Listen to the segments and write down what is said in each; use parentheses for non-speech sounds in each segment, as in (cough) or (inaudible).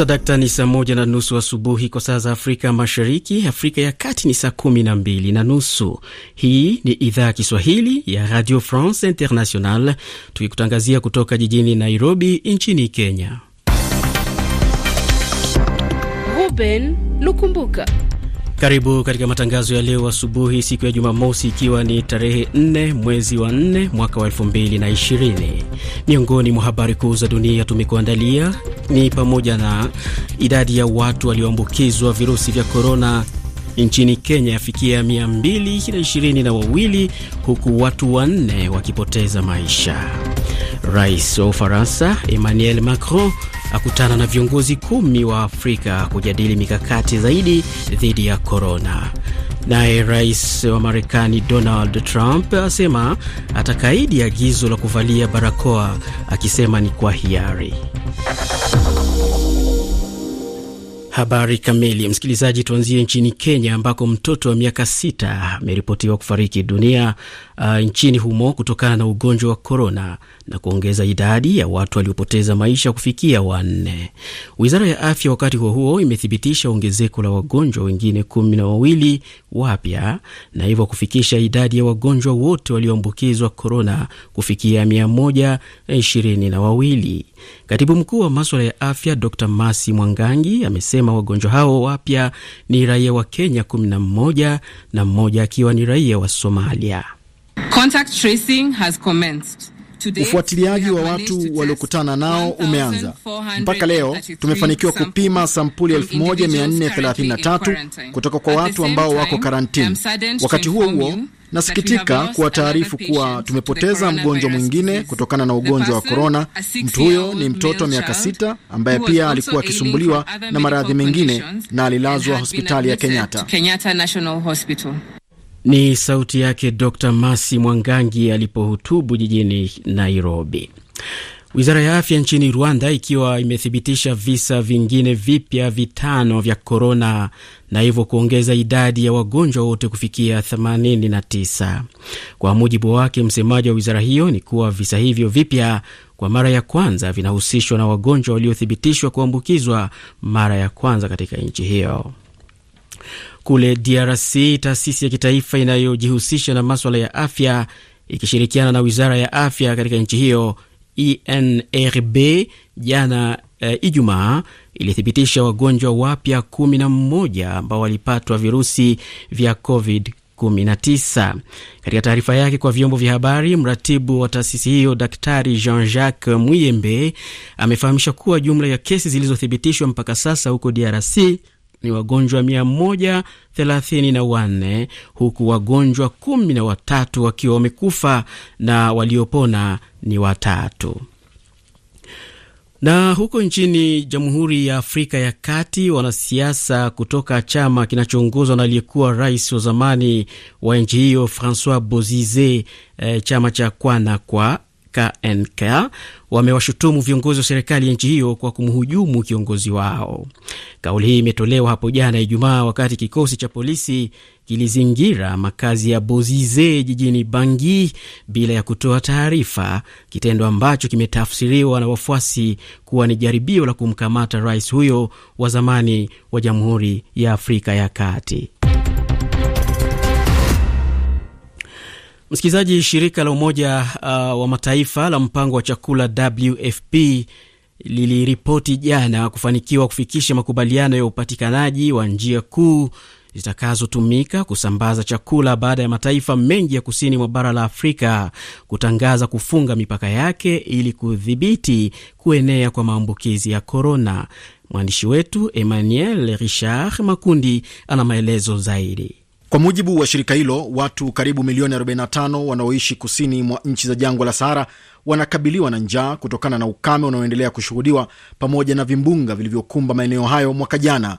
Mombasa dakta ni saa moja na nusu asubuhi kwa saa za Afrika Mashariki. Afrika ya Kati ni saa kumi na mbili na nusu. Hii ni idhaa ya Kiswahili ya Radio France International, tukikutangazia kutoka jijini Nairobi nchini Kenya. Ruben Lukumbuka karibu katika matangazo ya leo asubuhi, siku ya Jumamosi, ikiwa ni tarehe 4 mwezi wa 4 mwaka wa 2020. Miongoni mwa habari kuu za dunia tumekuandalia ni pamoja na idadi ya watu walioambukizwa virusi vya korona nchini Kenya yafikia 222 huku watu wanne wakipoteza maisha. Rais wa Ufaransa Emmanuel Macron akutana na viongozi kumi wa Afrika kujadili mikakati zaidi dhidi ya korona. Naye rais wa Marekani Donald Trump asema atakaidi agizo la kuvalia barakoa akisema ni kwa hiari. Habari kamili, msikilizaji, tuanzie nchini Kenya ambako mtoto wa miaka sita ameripotiwa kufariki dunia uh, nchini humo kutokana na ugonjwa wa korona na kuongeza idadi ya watu waliopoteza maisha kufikia wanne. Wizara ya afya wakati huo huo imethibitisha ongezeko la wagonjwa wengine kumi na wawili wapya na hivyo kufikisha idadi ya wagonjwa wote walioambukizwa korona kufikia mia moja na ishirini na wawili. Katibu mkuu wa maswala ya afya Dr Masi Mwangangi amesema wagonjwa hao wapya ni raia wa Kenya 11 na mmoja akiwa ni raia wa Somalia. Contact tracing has commenced. Ufuatiliaji wa watu waliokutana nao umeanza. Mpaka leo tumefanikiwa kupima sampuli 1433 kutoka kwa watu ambao wako karantini. Wakati huo huo, nasikitika kuwa taarifu kuwa tumepoteza mgonjwa mwingine kutokana na ugonjwa wa korona. Mtu huyo ni mtoto wa miaka sita ambaye pia alikuwa akisumbuliwa na maradhi mengine na alilazwa hospitali ya Kenyatta. Ni sauti yake Dr Masi Mwangangi alipohutubu jijini Nairobi. Wizara ya afya nchini Rwanda ikiwa imethibitisha visa vingine vipya vitano vya korona na hivyo kuongeza idadi ya wagonjwa wote kufikia 89. Kwa mujibu wake, msemaji wa wizara hiyo ni kuwa visa hivyo vipya kwa mara ya kwanza vinahusishwa na wagonjwa waliothibitishwa kuambukizwa mara ya kwanza katika nchi hiyo kule DRC, taasisi ya kitaifa inayojihusisha na maswala ya afya ikishirikiana na wizara ya afya katika nchi hiyo INRB e jana e, Ijumaa ilithibitisha wagonjwa wapya 11 ambao walipatwa virusi vya COVID 19. Katika taarifa yake kwa vyombo vya habari, mratibu wa taasisi hiyo Daktari Jean-Jacques Muyembe amefahamisha kuwa jumla ya kesi zilizothibitishwa mpaka sasa huko DRC ni wagonjwa 134 huku wagonjwa kumi na watatu wakiwa wamekufa na waliopona ni watatu na huko nchini Jamhuri ya Afrika ya Kati, wanasiasa kutoka chama kinachoongozwa na aliyekuwa rais wa zamani wa nchi hiyo Francois Bozize, e, chama cha Kwanakwa KNK wamewashutumu viongozi wa serikali ya nchi hiyo kwa kumhujumu kiongozi wao. Kauli hii imetolewa hapo jana Ijumaa wakati kikosi cha polisi kilizingira makazi ya Bozize jijini Bangi bila ya kutoa taarifa, kitendo ambacho kimetafsiriwa na wafuasi kuwa ni jaribio la kumkamata rais huyo wa zamani wa Jamhuri ya Afrika ya Kati. Msikilizaji, shirika la Umoja uh, wa Mataifa la mpango wa chakula WFP liliripoti jana kufanikiwa kufikisha makubaliano ya upatikanaji wa njia kuu zitakazotumika kusambaza chakula baada ya mataifa mengi ya kusini mwa bara la Afrika kutangaza kufunga mipaka yake ili kudhibiti kuenea kwa maambukizi ya korona. Mwandishi wetu Emmanuel Richard Makundi ana maelezo zaidi. Kwa mujibu wa shirika hilo, watu karibu milioni 45 wanaoishi kusini mwa nchi za jangwa la Sahara wanakabiliwa na njaa kutokana na ukame unaoendelea kushuhudiwa pamoja na vimbunga vilivyokumba maeneo hayo mwaka jana.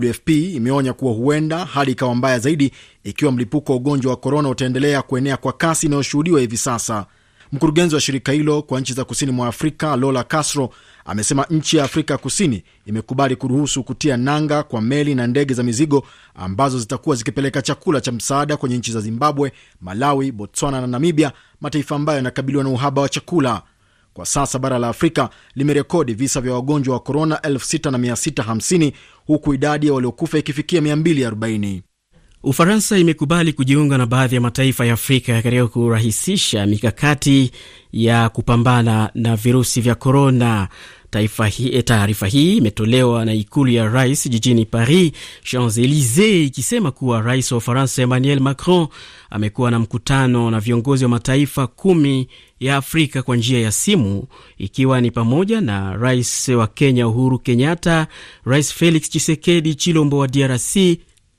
WFP imeonya kuwa huenda hali ikawa mbaya zaidi ikiwa mlipuko wa ugonjwa wa korona utaendelea kuenea kwa kasi inayoshuhudiwa hivi sasa. Mkurugenzi wa shirika hilo kwa nchi za kusini mwa Afrika, Lola Castro, amesema nchi ya Afrika Kusini imekubali kuruhusu kutia nanga kwa meli na ndege za mizigo ambazo zitakuwa zikipeleka chakula cha msaada kwenye nchi za Zimbabwe, Malawi, Botswana na Namibia, mataifa ambayo yanakabiliwa na uhaba wa chakula. Kwa sasa bara la Afrika limerekodi visa vya wagonjwa wa korona 6650 huku idadi ya waliokufa ikifikia 240. Ufaransa imekubali kujiunga na baadhi ya mataifa ya Afrika katika kurahisisha mikakati ya kupambana na virusi vya korona. Eh, taarifa hii imetolewa na ikulu ya rais jijini Paris, Champs Elysee, ikisema kuwa rais wa Ufaransa Emmanuel Macron amekuwa na mkutano na viongozi wa mataifa kumi ya Afrika kwa njia ya simu, ikiwa ni pamoja na rais wa Kenya Uhuru Kenyatta, rais Felix Tshisekedi Chilombo wa DRC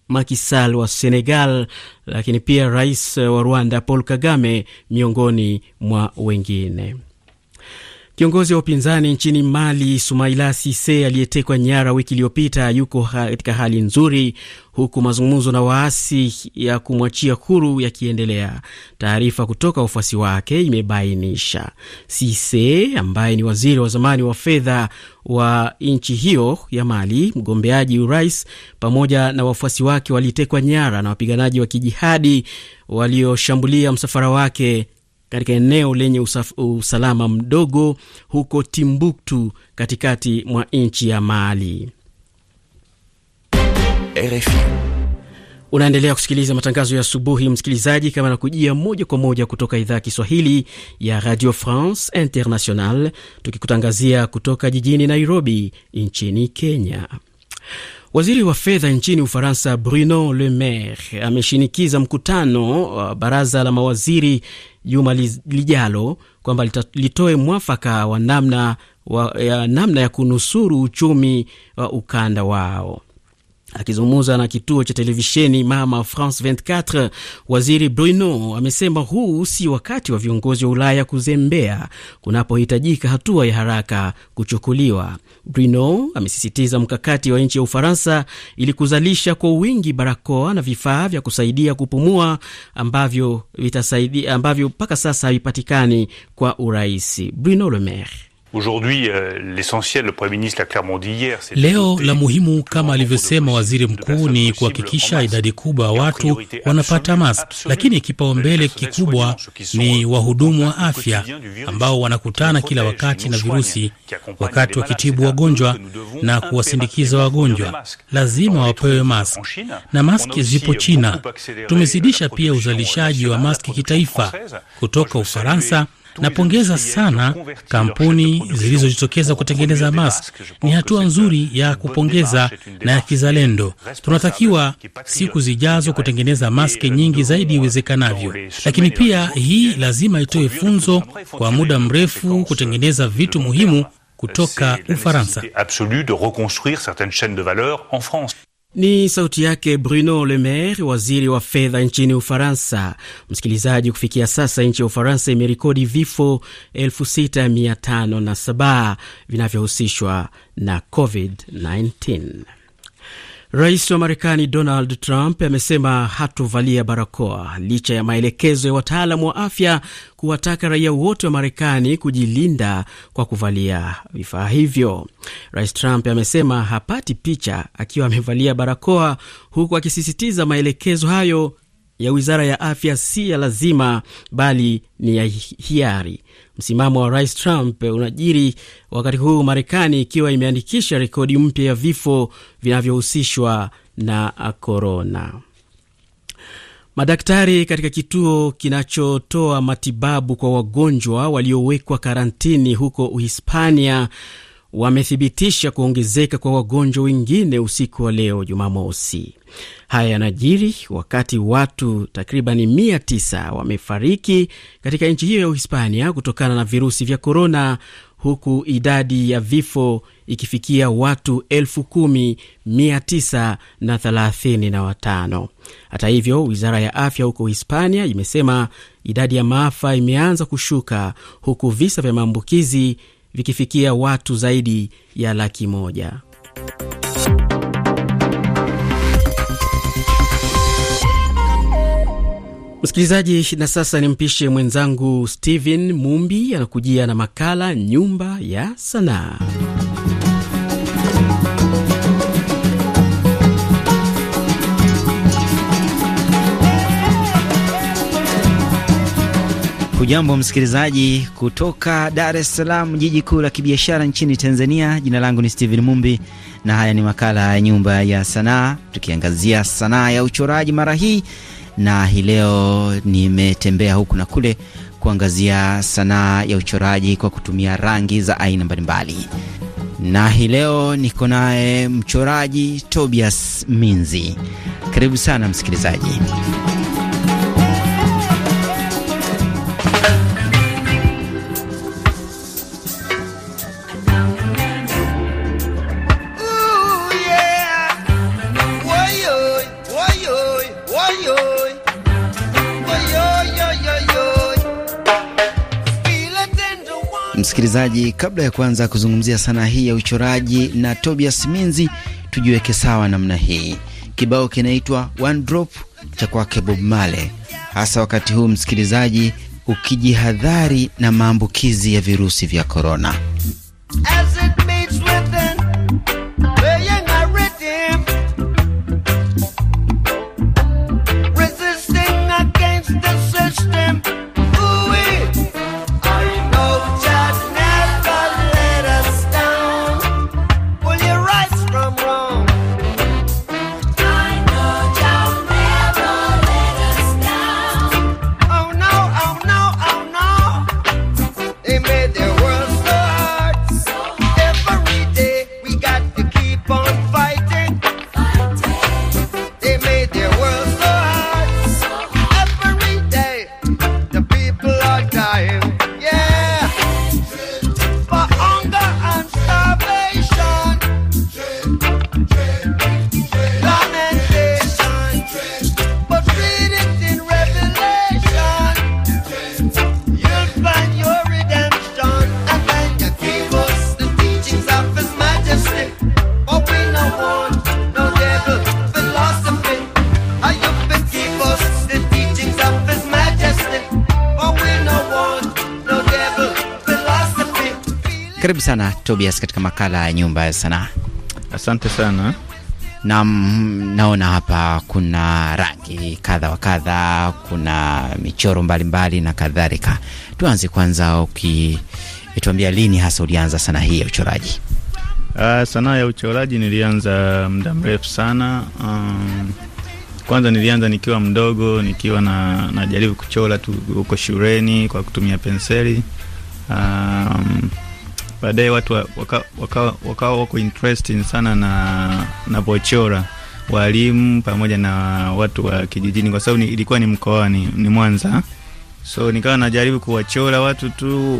makisal wa Senegal, lakini pia rais wa Rwanda Paul Kagame miongoni mwa wengine. Kiongozi wa upinzani nchini Mali, Sumaila Sise, aliyetekwa nyara wiki iliyopita, yuko katika hali nzuri, huku mazungumzo na waasi ya kumwachia huru yakiendelea. Taarifa kutoka wafuasi wake imebainisha Sise, ambaye ni waziri wa zamani wa fedha wa nchi hiyo ya Mali, mgombeaji urais, pamoja na wafuasi wake walitekwa nyara na wapiganaji wa kijihadi walioshambulia msafara wake katika eneo lenye usaf, usalama mdogo huko Timbuktu katikati mwa nchi ya Mali. RFI. Unaendelea kusikiliza matangazo ya asubuhi msikilizaji, kama nakujia moja kwa moja kutoka idhaa ya Kiswahili ya Radio France International, tukikutangazia kutoka jijini Nairobi nchini Kenya. Waziri wa fedha nchini Ufaransa Bruno Le Maire ameshinikiza mkutano wa baraza la mawaziri juma lijalo kwamba litoe mwafaka wa namna, wa, ya, namna ya kunusuru uchumi wa ukanda wao. Akizungumza na kituo cha televisheni Mama France 24, waziri Bruno amesema huu si wakati wa viongozi wa Ulaya kuzembea kunapohitajika hatua ya haraka kuchukuliwa. Bruno amesisitiza mkakati wa nchi ya Ufaransa ili kuzalisha kwa wingi barakoa na vifaa vya kusaidia kupumua ambavyo vitasaidia ambavyo mpaka sasa havipatikani kwa urahisi. Bruno Le Maire Euh, Leo la muhimu kama alivyosema waziri mkuu ni kuhakikisha idadi kubwa ya watu wanapata mask, lakini kipaumbele kikubwa ni wahudumu wa afya ambao wanakutana kila wakati na virusi, wakati wakitibu wagonjwa na kuwasindikiza wagonjwa, lazima wapewe mask, na maski zipo China. Tumezidisha pia uzalishaji wa maski kitaifa kutoka Ufaransa Napongeza sana kampuni zilizojitokeza kutengeneza mask. Ni hatua nzuri ya kupongeza na ya kizalendo. Tunatakiwa siku zijazo kutengeneza maske nyingi zaidi iwezekanavyo, lakini pia hii lazima itoe funzo kwa muda mrefu kutengeneza vitu muhimu kutoka Ufaransa. Ni sauti yake Bruno Le Maire, waziri wa fedha nchini Ufaransa. Msikilizaji, kufikia sasa nchi ya Ufaransa imerekodi vifo 6507 vinavyohusishwa na COVID-19. Rais wa Marekani Donald Trump amesema hatovalia barakoa licha ya maelekezo ya wataalam wa afya kuwataka raia wote wa Marekani kujilinda kwa kuvalia vifaa hivyo. Rais Trump amesema hapati picha akiwa amevalia barakoa, huku akisisitiza maelekezo hayo ya wizara ya afya si ya lazima bali ni ya hiari. Msimamo wa Rais Trump unajiri wakati huu Marekani ikiwa imeandikisha rekodi mpya ya vifo vinavyohusishwa na korona. Madaktari katika kituo kinachotoa matibabu kwa wagonjwa waliowekwa karantini huko Uhispania wamethibitisha kuongezeka kwa wagonjwa wengine usiku wa leo Jumamosi. Haya yanajiri wakati watu takribani mia tisa wamefariki katika nchi hiyo ya Uhispania kutokana na virusi vya korona, huku idadi ya vifo ikifikia watu elfu kumi mia tisa na thelathini na watano. Hata hivyo, wizara ya afya huko Hispania imesema idadi ya maafa imeanza kushuka huku visa vya maambukizi vikifikia watu zaidi ya laki moja. Msikilizaji, na sasa nimpishe mwenzangu Steven Mumbi anakujia na makala Nyumba ya Sanaa. Hujambo msikilizaji kutoka Dar es Salaam, jiji kuu la kibiashara nchini Tanzania. Jina langu ni Steven Mumbi na haya ni makala ya Nyumba ya Sanaa, tukiangazia sanaa ya uchoraji mara hii, na hii leo nimetembea huku na kule kuangazia sanaa ya uchoraji kwa kutumia rangi za aina mbalimbali, na hii leo niko naye mchoraji Tobias Minzi. Karibu sana msikilizaji. Msikilizaji, kabla ya kuanza kuzungumzia sanaa hii ya uchoraji na Tobias Minzi, tujiweke sawa namna hii. Kibao kinaitwa One Drop cha kwake Bob Marley, hasa wakati huu msikilizaji ukijihadhari na maambukizi ya virusi vya korona. Karibu sana Tobias katika makala ya nyumba ya sanaa. Asante sana. Na naona hapa kuna rangi kadha wa kadha, kuna michoro mbalimbali mbali na kadhalika. Tuanze kwanza, ukituambia lini hasa ulianza sanaa hii ya uchoraji? Uh, sanaa ya uchoraji nilianza muda mrefu sana. Um, kwanza nilianza nikiwa mdogo, nikiwa na najaribu kuchora tu huko shuleni kwa kutumia penseli. Um, baadaye watu wakawa waka, waka wako interested sana na navochora walimu pamoja na watu wa kijijini, kwa sababu ilikuwa ni mkoani, ni Mwanza. So nikawa najaribu kuwachora watu tu,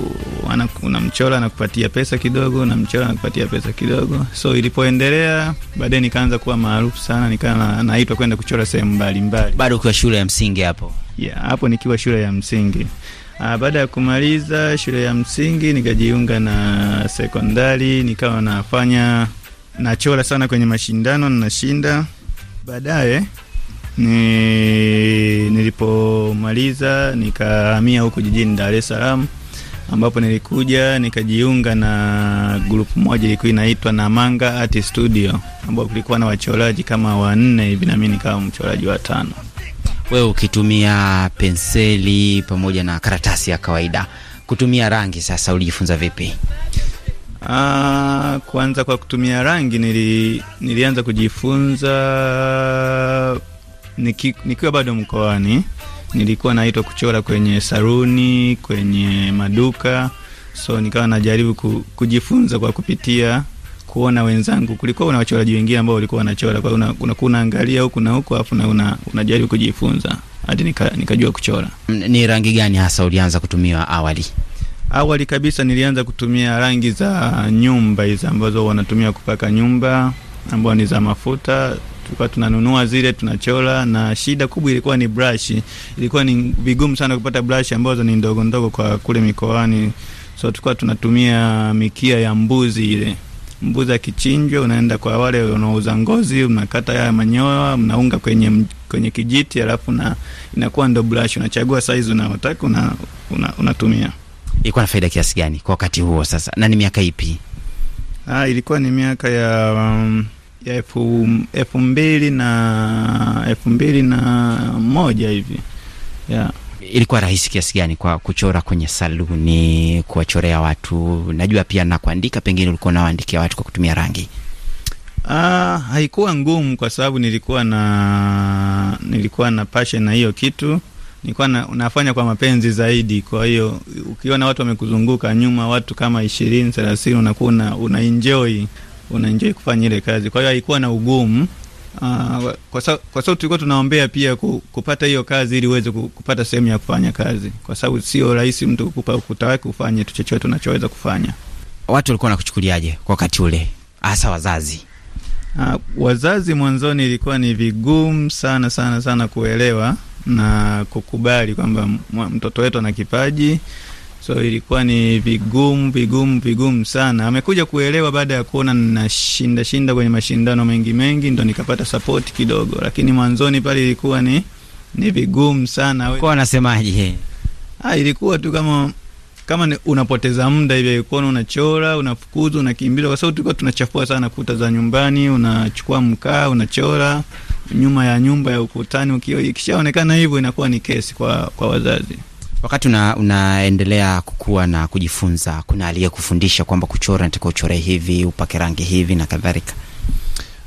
unamchora nakupatia pesa kidogo, namchora nakupatia pesa kidogo. So ilipoendelea baadaye nikaanza kuwa maarufu sana, nikawa naitwa kwenda kuchora sehemu mbalimbali. Bado ukiwa shule ya msingi hapo? Yeah, hapo nikiwa shule ya msingi Ah, baada ya kumaliza shule ya msingi nikajiunga na sekondari, nikawa nafanya nachora sana kwenye mashindano na nashinda. Baadaye ni, nilipomaliza nikahamia huku jijini Dar es Salaam ambapo nilikuja nikajiunga na grupu moja ilikuwa inaitwa Namanga Art Studio, ambapo kulikuwa na wachoraji kama wanne hivi, nami nikawa mchoraji wa tano wewe ukitumia penseli pamoja na karatasi ya kawaida, kutumia rangi sasa ulijifunza vipi? Ah, kwanza kwa kutumia rangi nili, nilianza kujifunza niki, nikiwa bado mkoani. Nilikuwa naitwa kuchora kwenye saruni, kwenye maduka, so nikawa najaribu ku, kujifunza kwa kupitia kuona wenzangu, kulikuwa una wachoraji wengine ambao walikuwa wanachora, kwa hiyo kunaangalia huku na huku, afu una unajaribu kujifunza hadi nika, nikajua kuchora. Ni rangi gani hasa ulianza kutumia awali? Awali kabisa nilianza kutumia rangi za nyumba hizi ambazo wanatumia kupaka nyumba, ambao ni za mafuta tulikuwa tunanunua zile tunachora, na shida kubwa ilikuwa ni brush. Ilikuwa ni vigumu sana kupata brush ambazo ni ndogo ndogo kwa kule mikoani, so tulikuwa tunatumia mikia ya mbuzi ile mbuzi akichinjwa, unaenda kwa wale wanaouza ngozi, unakata ya manyoya, mnaunga kwenye kwenye kijiti, alafu na inakuwa ndo brush, unachagua size unayotaka una, una, unatumia. Ilikuwa na faida kiasi gani kwa wakati huo sasa, na ni miaka ipi? Ah, ilikuwa ni miaka ya um, ya elfu, elfu mbili na elfu mbili na moja hivi yeah ilikuwa rahisi kiasi gani kwa kuchora kwenye saluni, kuwachorea watu? Najua pia na kuandika, pengine ulikuwa unawaandikia watu kwa kutumia rangi. Ah, haikuwa ngumu kwa sababu nilikuwa na nilikuwa na passion na hiyo kitu nilikuwa na, nafanya kwa mapenzi zaidi. Kwa hiyo ukiona watu wamekuzunguka nyuma, watu kama ishirini thelathini, unakuwa una enjoy una enjoy kufanya ile kazi. Kwa hiyo haikuwa na ugumu Ah, kwa sababu tulikuwa tunaombea pia ku, kupata hiyo kazi ili uweze kupata sehemu ya kufanya kazi, kwa sababu sio rahisi mtu kupa kutawai kufanya tu chochote unachoweza kufanya. Watu walikuwa wanakuchukuliaje kwa wakati ule, hasa wazazi? Uh, wazazi mwanzoni ilikuwa ni vigumu sana sana sana kuelewa na kukubali kwamba mtoto wetu ana kipaji so ilikuwa ni vigumu vigumu vigumu sana. Amekuja kuelewa baada ya kuona nashinda shinda kwenye mashindano mengi mengi, ndo nikapata sapoti kidogo, lakini mwanzoni pale ilikuwa ni ni vigumu sana. Kwa anasemaje? Ah, ilikuwa tu kama kama unapoteza muda hivi, ilikuwa unachora, unafukuzwa, unakimbia, kwa sababu tulikuwa tunachafua sana kuta za nyumbani, unachukua mkaa, unachora nyuma ya nyumba ya ukutani, ikishaonekana hivyo inakuwa ni kesi kwa kwa wazazi. Wakati una, unaendelea kukua na kujifunza, kuna aliyekufundisha kwamba kuchora nataka uchore hivi, upake rangi hivi na kadhalika?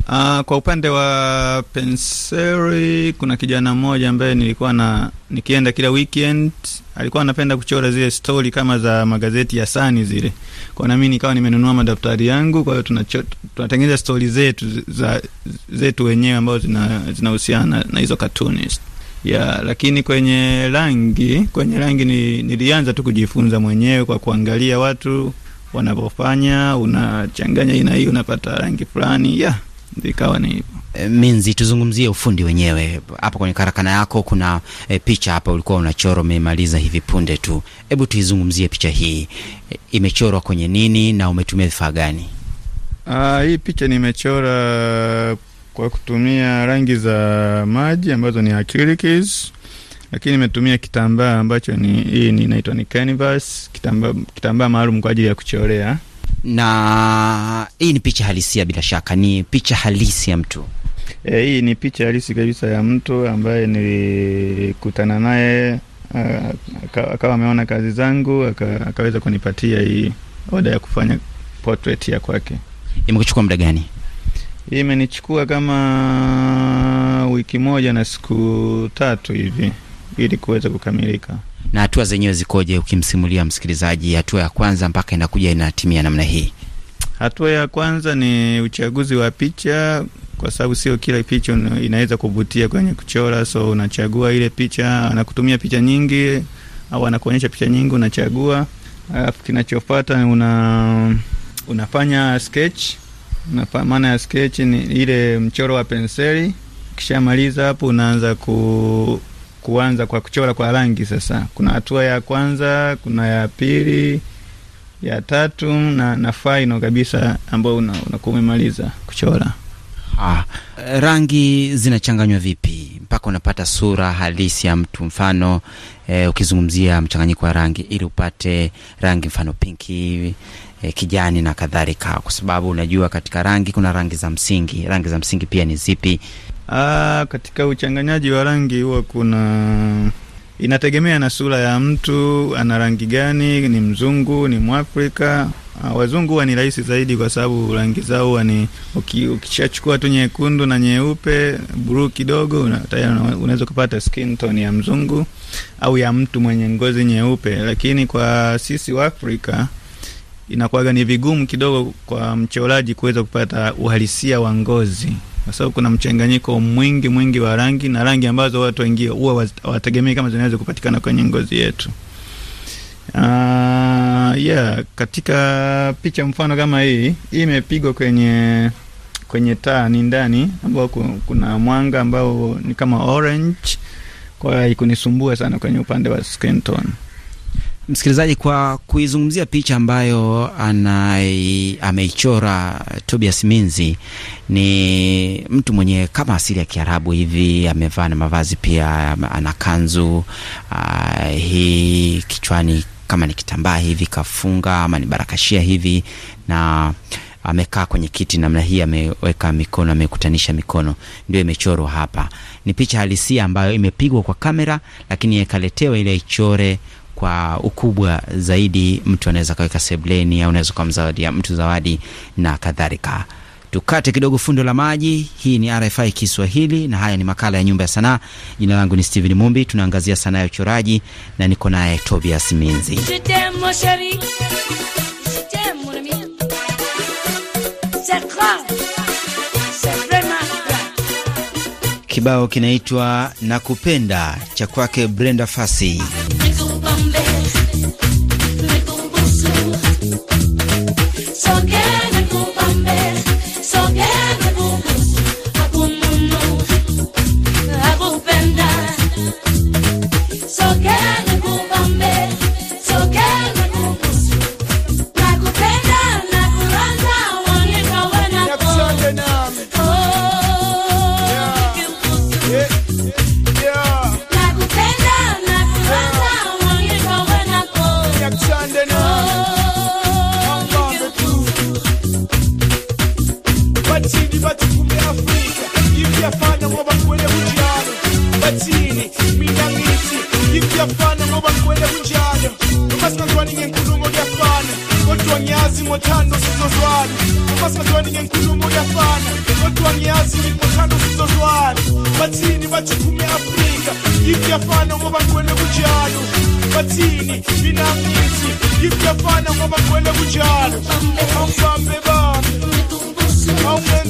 Uh, kwa upande wa penseli kuna kijana mmoja ambaye nilikuwa na nikienda kila weekend, alikuwa anapenda kuchora zile stori kama za magazeti ya Sani zile. Kwa nami nikawa nimenunua madaftari yangu, kwa hiyo tunatengeneza stori zetu za zetu wenyewe ambazo zinahusiana zina na hizo cartoonist ya lakini kwenye rangi, kwenye rangi ni, nilianza tu kujifunza mwenyewe kwa kuangalia watu wanavyofanya, unachanganya aina hii unapata rangi fulani, ya ikawa ni hivo E, eh, Minzi, tuzungumzie ufundi wenyewe hapa kwenye karakana yako. Kuna e, picha hapa ulikuwa unachora, umemaliza hivi punde tu. Hebu tuizungumzie picha hii, e, imechorwa kwenye nini na umetumia vifaa gani? Aa, ah, hii picha nimechora kwa kutumia rangi za maji ambazo ni acrylics, lakini nimetumia kitambaa ambacho ni hii ni inaitwa ni canvas, kitambaa kitambaa maalum kwa ajili ya kuchorea. Na hii ni picha halisia, bila shaka ni picha halisi ya mtu e, hii ni picha halisi kabisa ya mtu ambaye nilikutana naye ah, akawa ameona kazi zangu akaweza kunipatia hii oda ya kufanya portrait ya kwake. Imekuchukua muda gani? hii imenichukua kama wiki moja na siku tatu hivi ili kuweza kukamilika. Na hatua zenyewe zikoje, ukimsimulia msikilizaji hatua ya kwanza mpaka inakuja inatimia namna hii? Hatua ya kwanza ni uchaguzi wa picha, kwa sababu sio kila picha inaweza kuvutia kwenye kuchora. So unachagua ile picha, anakutumia picha nyingi au anakuonyesha picha nyingi, unachagua. Alafu kinachofuata una, unafanya sketch maana ya sketch ni ile mchoro wa penseli. Ukishamaliza hapo, unaanza ku, kuanza kwa kuchora kwa rangi. Sasa kuna hatua ya kwanza, kuna ya pili, ya tatu na, na final kabisa ambayo unakuwa umemaliza kuchora. Ha, rangi zinachanganywa vipi mpaka unapata sura halisi ya mtu? Mfano e, ukizungumzia mchanganyiko wa rangi ili upate rangi mfano pinki e, kijani na kadhalika, kwa sababu unajua katika rangi kuna rangi za msingi. Rangi za msingi pia ni zipi? Aa, ah, katika uchanganyaji wa rangi huwa kuna inategemea na sura ya mtu, ana rangi gani, ni mzungu, ni Mwafrika. Ah, wazungu huwa ni rahisi zaidi, kwa sababu rangi zao huwa ni ukishachukua tu nyekundu na nyeupe, bluu kidogo, tayari unaweza kupata skin tone ya mzungu au ya mtu mwenye ngozi nyeupe. Lakini kwa sisi Waafrika inakuwaga ni vigumu kidogo kwa mchoraji kuweza kupata uhalisia wa ngozi, kwa sababu kuna mchanganyiko mwingi mwingi wa rangi na rangi ambazo watu wengi huwa wategemei kama zinaweza kupatikana kwenye ngozi yetu. Uh, yeah, katika picha mfano kama hii hii imepigwa kwenye kwenye taa ni ndani ambao kuna mwanga ambao ni kama orange, kwa hiyo haikunisumbua sana kwenye upande wa skin tone msikilizaji, kwa kuizungumzia picha ambayo anai, ameichora Tobias Minzi. Ni mtu mwenye kama asili ya Kiarabu hivi, amevaa na mavazi pia, ana kanzu ah, hii kichwani kama ni kitambaa hivi kafunga, ama ni barakashia hivi, na amekaa kwenye kiti namna hii, ameweka mikono, amekutanisha mikono, ndio imechorwa hapa. Ni picha halisia ambayo imepigwa kwa kamera, lakini ikaletewa ile ichore kwa ukubwa zaidi, mtu anaweza kaweka sebleni au unaweza kumzawadia mtu zawadi na kadhalika. Tukate kidogo fundo la maji. Hii ni RFI Kiswahili na haya ni makala ya Nyumba ya Sanaa. Jina langu ni Steven Mumbi, tunaangazia sanaa ya uchoraji na niko naye Tobias Minzi. Kibao kinaitwa Nakupenda cha kwake Brenda fasi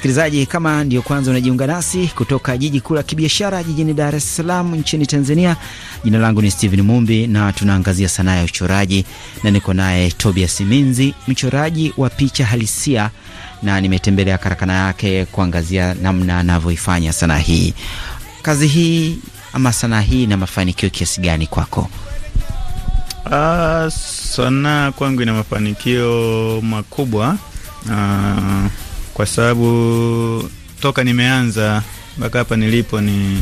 Msikilizaji, kama ndio kwanza unajiunga nasi kutoka jiji kuu la kibiashara jijini Dar es Salaam nchini Tanzania, jina langu ni Steven Mumbi na tunaangazia sanaa ya uchoraji, na niko naye Tobias Minzi, mchoraji wa picha halisia, na nimetembelea karakana yake kuangazia namna anavyoifanya sanaa hii. Kazi hii ama sanaa hii na mafanikio kiasi gani kwako? Uh, sanaa kwangu ina mafanikio makubwa uh, kwa sababu toka nimeanza mpaka hapa nilipo ni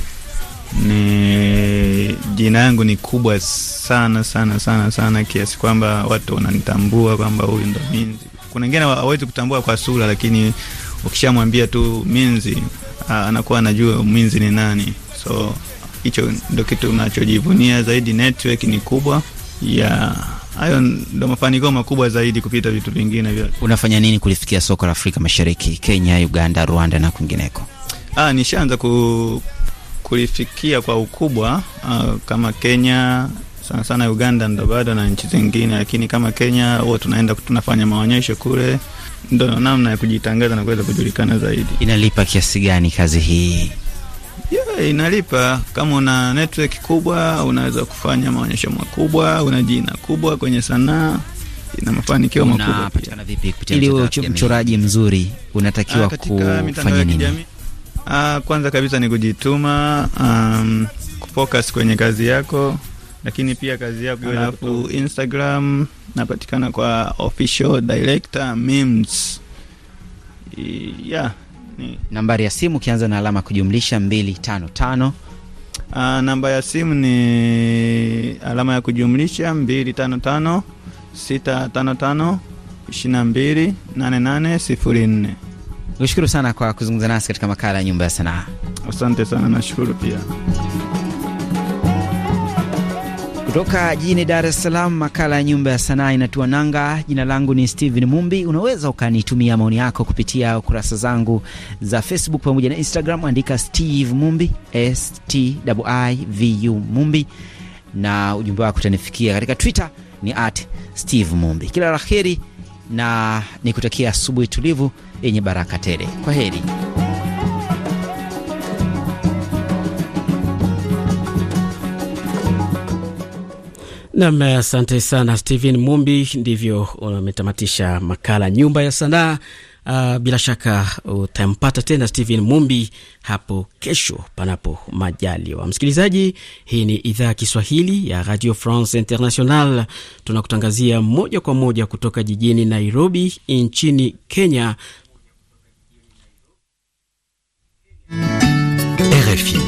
ni jina yangu ni kubwa sana sana sana sana, kiasi kwamba watu wananitambua kwamba huyu ndo Minzi. Kuna wengine hawawezi kutambua kwa sura, lakini ukishamwambia tu Minzi anakuwa anajua Minzi ni nani. So hicho ndo kitu nachojivunia zaidi. Network ni kubwa ya yeah. Hayo ndo mafanikio makubwa zaidi kupita vitu vingine vyote. Unafanya nini kulifikia soko la Afrika Mashariki, Kenya, Uganda, Rwanda na kwingineko? Ah, nishaanza ku, kulifikia kwa ukubwa ah, kama Kenya sana sana Uganda ndo bado na nchi zingine, lakini kama Kenya huwa tunaenda tunafanya maonyesho kule, ndo namna ya kujitangaza na kuweza kujulikana zaidi. Inalipa kiasi gani kazi hii? yeah, inalipa. Kama una network kubwa, unaweza kufanya maonyesho makubwa, una jina kubwa kwenye sanaa ina mafanikio makubwa. Ili uwe mchoraji mzuri, unatakiwa ah, kufanya nini? Ah, kwanza kabisa ni kujituma, um, kufocus kwenye kazi yako, lakini pia kazi yako iwe. Alafu Instagram napatikana kwa official director memes. Yeah ni nambari ya simu ukianza na alama kujumlisha 255. Uh, namba ya simu ni alama ya kujumlisha 255 655 22 88 Nikushukuru sana kwa kuzungumza nasi katika makala ya Nyumba ya Sanaa. Asante sana, nashukuru pia. Kutoka jijini Dar es Salaam, makala ya Nyumba ya Sanaa inatua nanga. Jina langu ni stehen Mumbi. Unaweza ukanitumia maoni yako kupitia kurasa zangu za Facebook pamoja na Instagram, andika Steve Mumbi, Stivu Mumbi, na ujumbe wako utanifikia. Katika Twitter ni at Steve Mumbi. Kila la heri na nikutakia asubuhi tulivu yenye baraka tele. Kwa heri. Nam, asante sana Stephen Mumbi. Ndivyo umetamatisha makala Nyumba ya Sanaa. Uh, bila shaka utampata tena Stephen Mumbi hapo kesho, panapo majaliwa. Msikilizaji, hii ni idhaa ya Kiswahili ya Radio France International, tunakutangazia moja kwa moja kutoka jijini Nairobi nchini Kenya. RFI.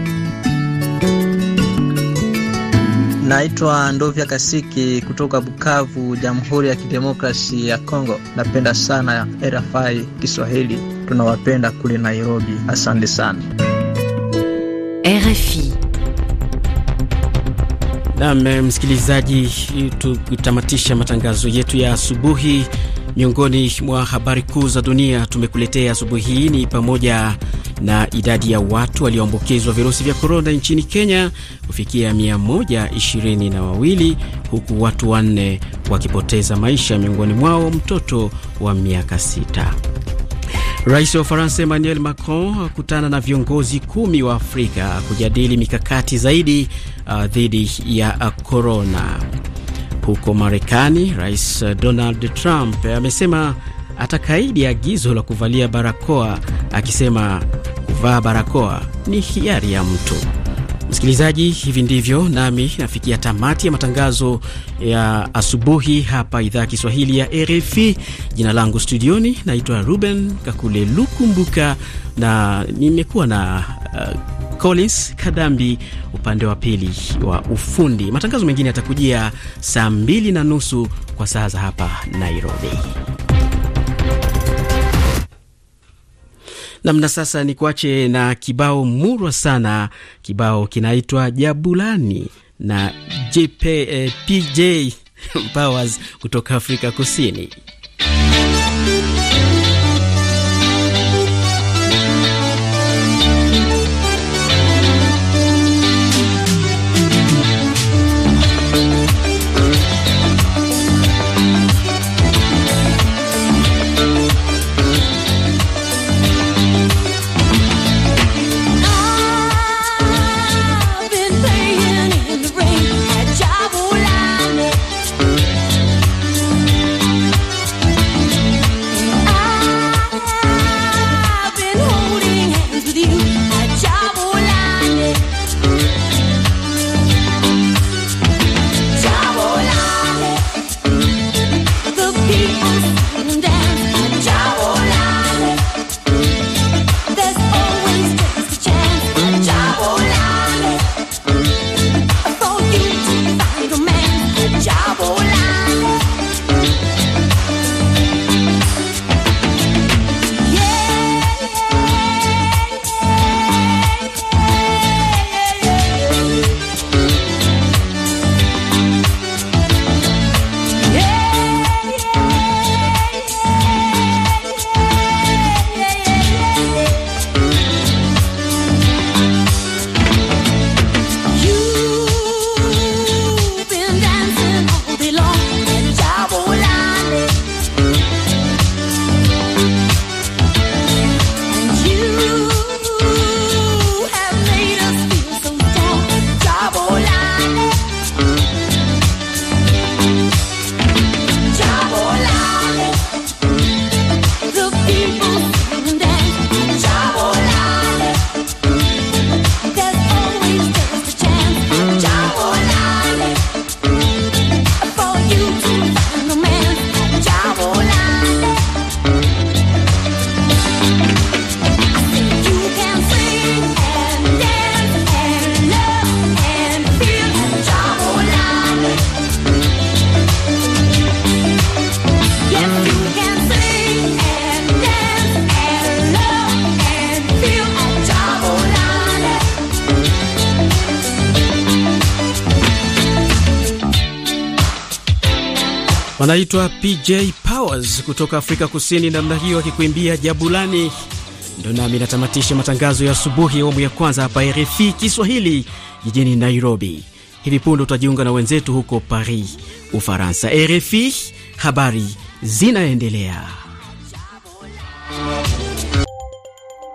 Naitwa Ndovya Kasiki kutoka Bukavu, Jamhuri ya Kidemokrasi ya Kongo. Napenda sana RFI Kiswahili, tunawapenda kule Nairobi. Asante sana RFI. Nam msikilizaji, tutamatisha matangazo yetu ya asubuhi Miongoni mwa habari kuu za dunia tumekuletea asubuhi hii ni pamoja na idadi ya watu walioambukizwa virusi vya korona nchini Kenya kufikia 122 huku watu wanne wakipoteza maisha, miongoni mwao mtoto wa miaka 6. Rais wa Ufaransa Emmanuel Macron akutana na viongozi kumi wa Afrika kujadili mikakati zaidi uh, dhidi ya korona. Huko Marekani, Rais uh, Donald Trump eh, amesema atakaidi agizo la kuvalia barakoa, akisema kuvaa barakoa ni hiari ya mtu. Msikilizaji, hivi ndivyo nami nafikia tamati ya matangazo ya asubuhi hapa idhaa ya Kiswahili ya RFI. Jina langu studioni naitwa Ruben Kakule Lukumbuka na nimekuwa na uh, Collins Kadambi upande wa pili wa ufundi. Matangazo mengine yatakujia saa mbili na nusu kwa saa za hapa Nairobi. Namna sasa ni kuache na kibao murwa sana. Kibao kinaitwa Jabulani na JP, eh, PJ (laughs) Powers kutoka Afrika Kusini. anaitwa PJ Powers kutoka Afrika Kusini, namna hiyo akikuimbia Jabulani. Ndo nami natamatisha matangazo ya asubuhi ya awamu ya kwanza hapa RFI Kiswahili jijini Nairobi. Hivi punde utajiunga na wenzetu huko Paris, Ufaransa. RFI, habari zinaendelea.